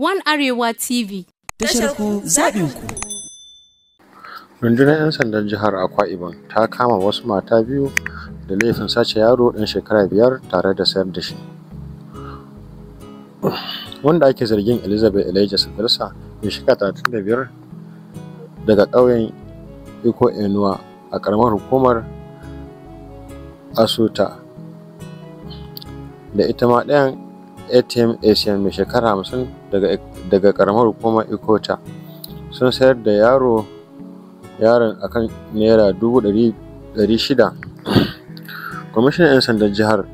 One Arewa TV. Tashar ku zaɓin ku. Rundunar 'yan sandan jihar Akwa Ibom ta kama wasu mata biyu da laifin sace yaro ɗan shekara biyar tare da sayar da shi. Wanda ake zargin Elizabeth Elijah Sadarsa mai shekara 35 daga ƙauyen Iko Enuwa a ƙaramar hukumar Asuta da ita ma ɗayan atm asian mai shekara hamsin daga karamar hukumar ikota sun sayar da yaro yaron akan naira dubu dari shida kwamishinan 'yan sandan jihar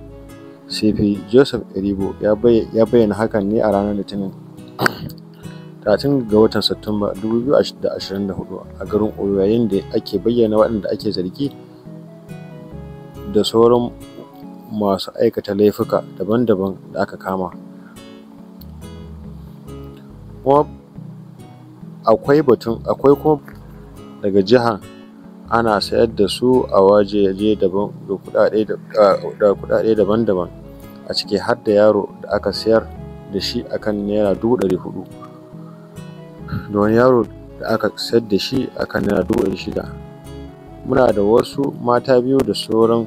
cp joseph eribo ya bayyana hakan ne a ranar litinin 30 ga watan satumba 2024 a garin oyo yayin da ake bayyana waɗanda ake zargi da sauran masu aikata laifuka daban-daban da aka kama kuma akwai batun akwai kuma daga jihar ana sayar da su a wajeje daban da kuɗaɗe daban-daban a ciki har da yaro da aka sayar da shi akan naira dubu ɗari hudu da wani yaro da aka sayar da shi akan naira dubu ɗari shida muna da wasu mata biyu da sauran